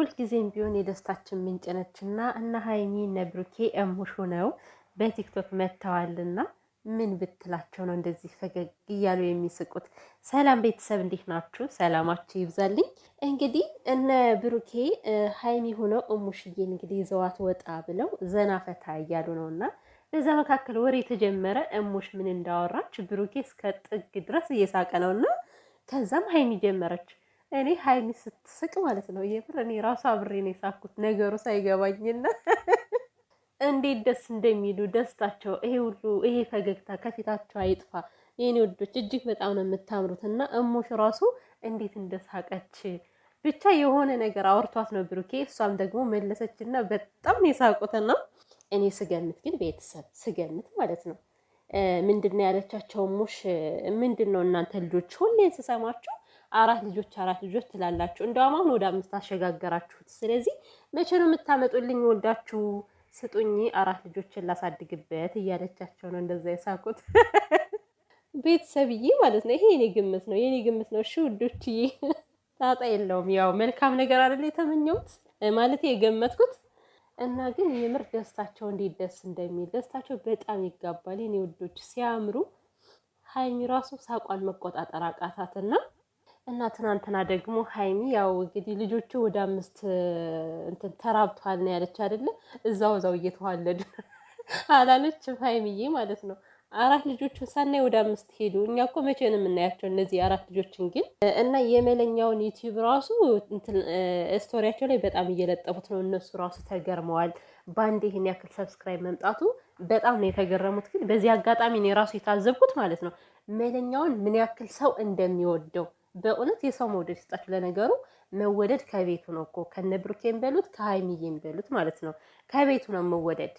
ሁልጊዜም ቢሆን የደስታችን ምንጭ ነች እና እና ሀይሚ እነ ብሩኬ እሙሹ ነው በቲክቶክ መጥተዋልና ምን ብትላቸው ነው እንደዚህ ፈገግ እያሉ የሚስቁት? ሰላም ቤተሰብ እንዴት ናችሁ? ሰላማችሁ ይብዛልኝ። እንግዲህ እነ ብሩኬ ሀይሚ ሆነው እሙሽዬ እንግዲህ ዘዋት ወጣ ብለው ዘና ፈታ እያሉ ነው እና በዛ መካከል ወሬ የተጀመረ እሙሽ ምን እንዳወራች ብሩኬ እስከ ጥግ ድረስ እየሳቀ ነው እና ከዛም ሀይሚ ጀመረች እኔ ሀይሚ ስትስቅ ማለት ነው የምር እኔ ራሱ አብሬ ነው የሳኩት ነገሩ ሳይገባኝና እንዴት ደስ እንደሚሉ ደስታቸው ይሄ ሁሉ ይሄ ፈገግታ ከፊታቸው አይጥፋ። የኔ ወዶች እጅግ በጣም ነው የምታምሩት። እና እሞሽ ራሱ እንዴት እንደሳቀች ብቻ የሆነ ነገር አውርቷት ነው ብሩኬ፣ እሷም ደግሞ መለሰች እና በጣም ነው የሳቁትና እኔ ስገምት ግን ቤተሰብ ስገምት ማለት ነው ምንድን ነው ያለቻቸው እሞሽ ምንድን ነው እናንተ ልጆች ሁሌ ስሰማችሁ አራት ልጆች አራት ልጆች ትላላችሁ። እንደውም አሁን ወደ አምስት አሸጋገራችሁት። ስለዚህ መቼ ነው የምታመጡልኝ? ወልዳችሁ ስጡኝ፣ አራት ልጆችን ላሳድግበት እያለቻቸው ነው እንደዛ የሳቁት ቤተሰብዬ ማለት ነው። ይሄ የኔ ግምት ነው፣ የኔ ግምት ነው። እሺ ውዶችዬ፣ ጣጣ የለውም። ያው መልካም ነገር አይደል የተመኘሁት ማለት የገመትኩት እና ግን የምር ደስታቸው እንዴት ደስ እንደሚል ደስታቸው በጣም ይጋባል። የኔ ውዶች ሲያምሩ ሀይሚ ራሱ ሳቋን መቆጣጠር አቃታትና እና ትናንትና ደግሞ ሀይሚ ያው እንግዲህ ልጆቹ ወደ አምስት እንትን ተራብቷል ነው ያለች አይደለ? እዛው እዛው እየተዋለዱ አላለችም ሀይሚዬ ማለት ነው። አራት ልጆቹን ሳናይ ወደ አምስት ሄዱ። እኛ እኮ መቼ ነው የምናያቸው እነዚህ አራት ልጆችን ግን እና የመለኛውን ዩቲዩብ ራሱ ስቶሪያቸው ላይ በጣም እየለጠፉት ነው። እነሱ ራሱ ተገርመዋል። በአንድ ይህን ያክል ሰብስክራይብ መምጣቱ በጣም ነው የተገረሙት። ግን በዚህ አጋጣሚ ነው ራሱ የታዘብኩት ማለት ነው መለኛውን ምን ያክል ሰው እንደሚወደው በእውነት የሰው መውደድ ይስጣችሁ። ለነገሩ መወደድ ከቤቱ ነው እኮ ከነብሩኬን በሉት ከሀይሚዬን በሉት ማለት ነው ከቤቱ ነው መወደድ